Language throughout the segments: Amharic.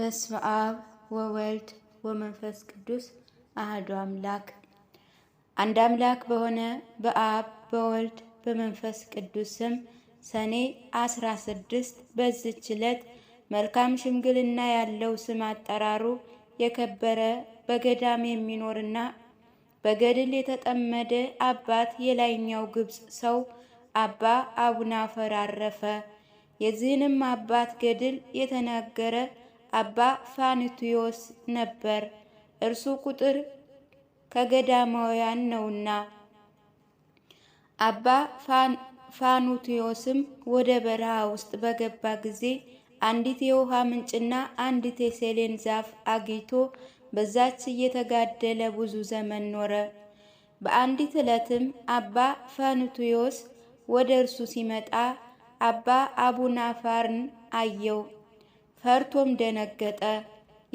በስመ አብ ወወልድ ወመንፈስ ቅዱስ አህዱ አምላክ አንድ አምላክ በሆነ በአብ በወልድ በመንፈስ ቅዱስ ስም ሰኔ 16 ስድስት ዕለት መልካም ሽምግልና ያለው ስም አጠራሩ የከበረ በገዳም የሚኖርና በገድል የተጠመደ አባት የላይኛው ግብፅ ሰው አባ አፈር አረፈ። የዚህንም አባት ገድል የተናገረ አባ ፋኑትዮስ ነበር። እርሱ ቁጥር ከገዳማውያን ነውና። አባ ፋኑትዮስም ወደ በረሃ ውስጥ በገባ ጊዜ አንዲት የውሃ ምንጭና አንዲት የሴሌን ዛፍ አግኝቶ በዛች እየተጋደለ ብዙ ዘመን ኖረ። በአንዲት ዕለትም አባ ፋኑቲዮስ ወደ እርሱ ሲመጣ አባ አቡናፋርን አየው። ፈርቶም ደነገጠ።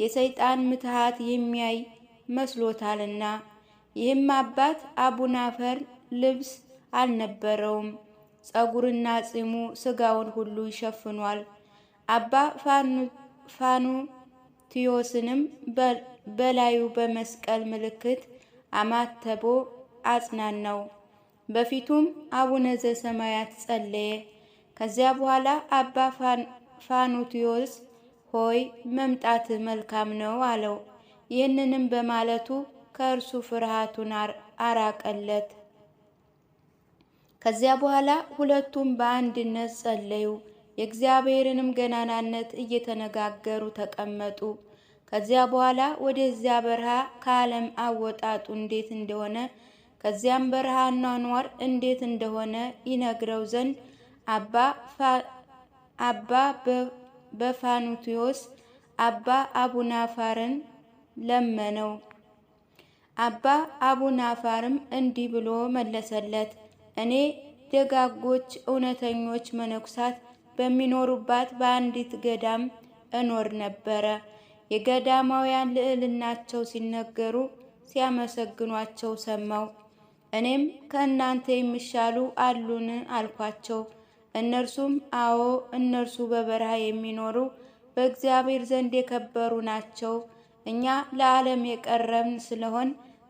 የሰይጣን ምትሃት የሚያይ መስሎታልና። ይህም አባት አቡናፈር ልብስ አልነበረውም፣ ጸጉርና ጺሙ ስጋውን ሁሉ ይሸፍኗል። አባ ፋኑትዮስንም በላዩ በመስቀል ምልክት አማተቦ አጽናናው። በፊቱም አቡነ ዘሰማያት ጸለየ። ከዚያ በኋላ አባ ፋኑትዮስ ሆይ መምጣት መልካም ነው አለው። ይህንንም በማለቱ ከእርሱ ፍርሃቱን አራቀለት። ከዚያ በኋላ ሁለቱም በአንድነት ጸለዩ። የእግዚአብሔርንም ገናናነት እየተነጋገሩ ተቀመጡ። ከዚያ በኋላ ወደዚያ በረሃ ከዓለም አወጣጡ እንዴት እንደሆነ ከዚያም በረሃ አኗኗር እንዴት እንደሆነ ይነግረው ዘንድ አባ አባ በፋኑትዮስ አባ አቡናፋርን ለመነው። አባ አቡናፋርም እንዲህ ብሎ መለሰለት፣ እኔ ደጋጎች እውነተኞች መነኩሳት በሚኖሩባት በአንዲት ገዳም እኖር ነበረ። የገዳማውያን ልዕልናቸው ሲነገሩ ሲያመሰግኗቸው ሰማው። እኔም ከእናንተ የሚሻሉ አሉን አልኳቸው። እነርሱም አዎ እነርሱ በበረሃ የሚኖሩ በእግዚአብሔር ዘንድ የከበሩ ናቸው። እኛ ለዓለም የቀረብን ስለሆን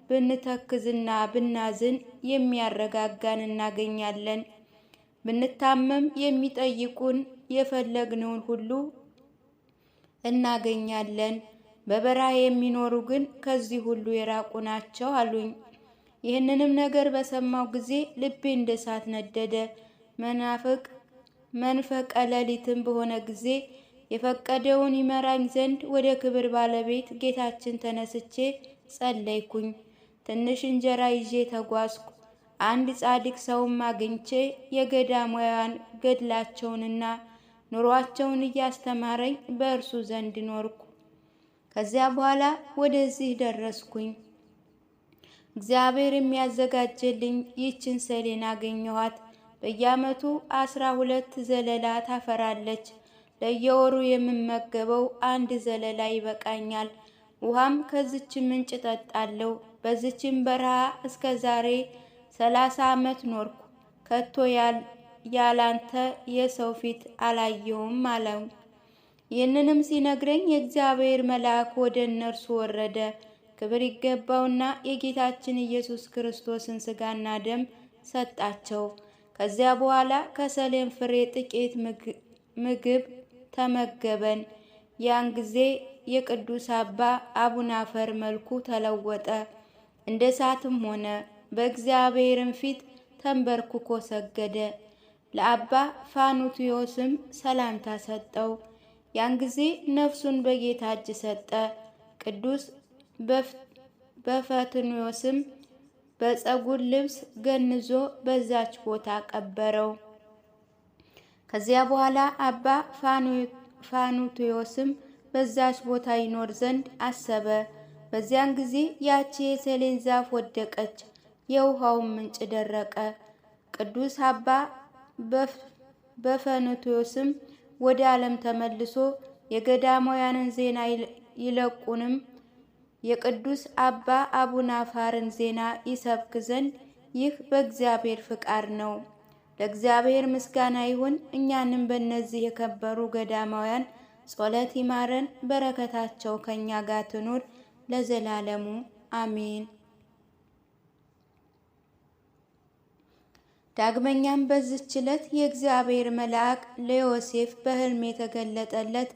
ብንተክዝና ብናዝን የሚያረጋጋን እናገኛለን። ብንታመም የሚጠይቁን የፈለግነውን ሁሉ እናገኛለን። በበረሃ የሚኖሩ ግን ከዚህ ሁሉ የራቁ ናቸው አሉኝ። ይህንንም ነገር በሰማው ጊዜ ልቤ እንደ እሳት ነደደ። መናፍቅ መንፈቀ ሌሊትም በሆነ ጊዜ የፈቀደውን ይመራኝ ዘንድ ወደ ክብር ባለቤት ጌታችን ተነስቼ ጸለይኩኝ። ትንሽ እንጀራ ይዤ ተጓዝኩ። አንድ ጻድቅ ሰውም አግኝቼ የገዳማውያን ገድላቸውንና ኑሯቸውን እያስተማረኝ በእርሱ ዘንድ ኖርኩ። ከዚያ በኋላ ወደዚህ ደረስኩኝ። እግዚአብሔር የሚያዘጋጀልኝ ይህችን ሰሌን አገኘኋት። በየዓመቱ አስራ ሁለት ዘለላ ታፈራለች። ለየወሩ የምመገበው አንድ ዘለላ ይበቃኛል። ውሃም ከዚች ምንጭ ጠጣለሁ። በዚችም በረሃ እስከ ዛሬ ሰላሳ ዓመት ኖርኩ። ከቶ ያላንተ የሰው ፊት አላየውም አለው። ይህንንም ሲነግረኝ የእግዚአብሔር መልአክ ወደ እነርሱ ወረደ። ክብር ይገባውና የጌታችን ኢየሱስ ክርስቶስን ሥጋና ደም ሰጣቸው። ከዚያ በኋላ ከሰሌን ፍሬ ጥቂት ምግብ ተመገበን። ያን ጊዜ የቅዱስ አባ አፈር መልኩ ተለወጠ፣ እንደ እሳትም ሆነ። በእግዚአብሔርም ፊት ተንበርክኮ ሰገደ። ለአባ ፋኑትዮስም ሰላምታ ሰጠው። ያን ጊዜ ነፍሱን በጌታ እጅ ሰጠ። ቅዱስ በፈትንዮስም በፀጉር ልብስ ገንዞ በዛች ቦታ ቀበረው። ከዚያ በኋላ አባ ፋኑቴዎስም በዛች ቦታ ይኖር ዘንድ አሰበ። በዚያን ጊዜ ያቺ የሴሌን ዛፍ ወደቀች፣ የውሃውን ምንጭ ደረቀ። ቅዱስ አባ በፈኑቴዎስም ወደ ዓለም ተመልሶ የገዳማውያንን ዜና ይለቁንም የቅዱስ አባ አቡናፋርን ዜና ይሰብክ ዘንድ ይህ በእግዚአብሔር ፍቃድ ነው። ለእግዚአብሔር ምስጋና ይሁን። እኛንም በእነዚህ የከበሩ ገዳማውያን ጸሎት ይማረን፣ በረከታቸው ከእኛ ጋር ትኑር ለዘላለሙ አሜን። ዳግመኛም በዚች ዕለት የእግዚአብሔር መልአክ ለዮሴፍ በሕልም የተገለጠለት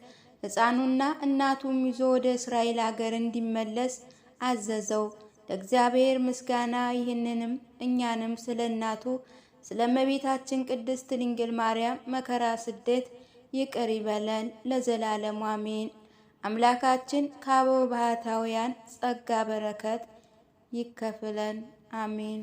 ሕፃኑና እናቱም ይዞ ወደ እስራኤል አገር እንዲመለስ አዘዘው። ለእግዚአብሔር ምስጋና ይህንንም እኛንም ስለ እናቱ ስለ እመቤታችን ቅድስት ድንግል ማርያም መከራ ስደት ይቅር ይበለን ለዘላለሙ አሜን። አምላካችን ከአበው ባህታውያን ጸጋ በረከት ይከፍለን አሜን።